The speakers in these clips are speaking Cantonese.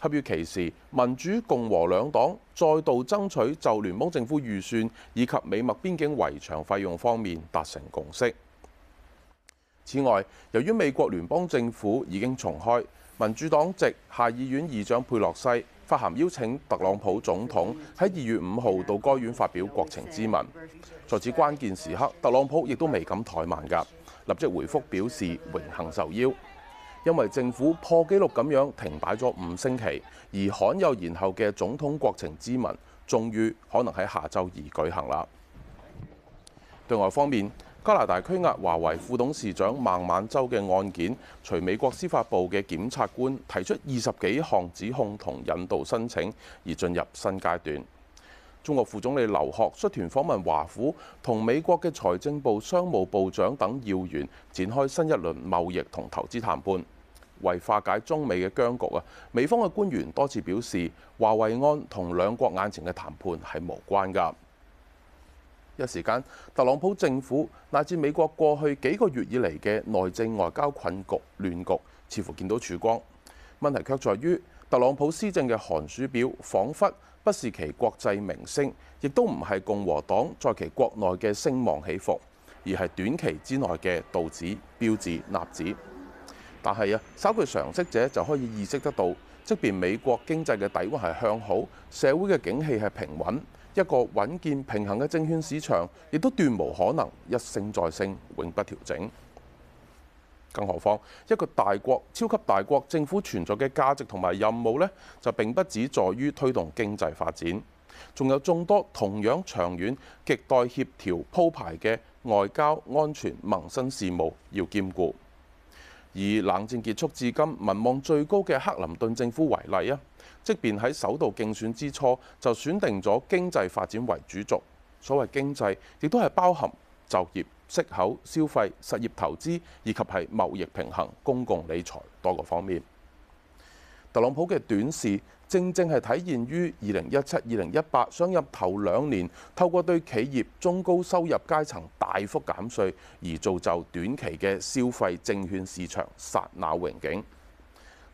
恰於其時，民主共和兩黨再度爭取就聯邦政府預算以及美墨邊境圍牆費用方面達成共識。此外，由於美國聯邦政府已經重開，民主黨籍下議院議長佩洛西發函邀請特朗普總統喺二月五號到該院發表國情咨文。在此關鍵時刻，特朗普亦都未敢怠慢噶，立即回覆表示榮幸受邀。因為政府破紀錄咁樣停擺咗五星期，而罕有延後嘅總統國情咨文，終於可能喺下週二舉行啦。對外方面，加拿大拘押華為副董事長孟晚舟嘅案件，隨美國司法部嘅檢察官提出二十幾項指控同引渡申請，而進入新階段。中國副總理劉鶴率團訪問華府，同美國嘅財政部、商務部長等要員展開新一輪貿易同投資談判，為化解中美嘅僵局啊！美方嘅官員多次表示，華為安同兩國眼前嘅談判係無關㗎。一時間，特朗普政府乃至美國過去幾個月以嚟嘅內政外交困局亂局，似乎見到曙光。問題卻在於，特朗普施政嘅寒暑表，仿佛不是其國際名聲，亦都唔係共和黨在其國內嘅聲望起伏，而係短期之內嘅道指、標指、納指。但係啊，稍具常識者就可以意識得到，即便美國經濟嘅底蘊係向好，社會嘅景氣係平穩，一個穩健平衡嘅證券市場亦都斷無可能一升再升，永不調整。更何況一個大國、超級大國政府存在嘅價值同埋任務呢，就並不只在於推動經濟發展，仲有眾多同樣長遠、亟待協調鋪排嘅外交、安全、民生事務要兼顧。以冷戰結束至今民望最高嘅克林頓政府為例啊，即便喺首度競選之初就選定咗經濟發展為主軸，所謂經濟亦都係包含就業。息口、消費、實業投資以及係貿易平衡、公共理財多個方面，特朗普嘅短視正正係體現於二零一七、二零一八上任頭兩年，透過對企業中高收入階層大幅減稅而造就短期嘅消費、證券市場剎那榮景，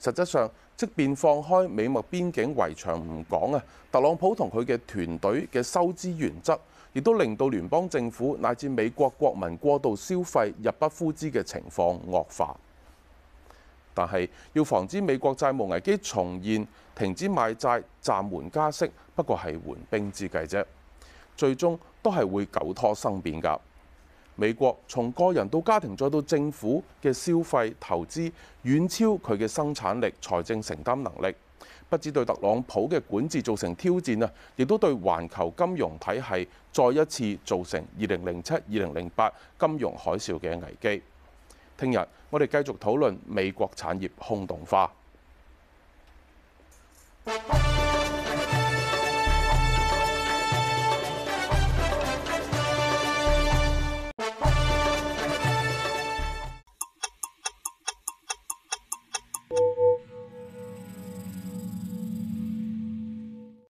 實質上。即便放開美墨邊境圍牆唔講啊，特朗普同佢嘅團隊嘅收支原則亦都令到聯邦政府乃至美國國民過度消費、入不敷支嘅情況惡化。但係要防止美國債務危機重現，停止買債、暫緩加息，不過係緩兵之計啫，最終都係會久拖生變噶。美國從個人到家庭再到政府嘅消費投資，遠超佢嘅生產力、財政承擔能力，不止對特朗普嘅管治造成挑戰啊！亦都對環球金融體系再一次造成二零零七、二零零八金融海嘯嘅危機。聽日我哋繼續討論美國產業空洞化。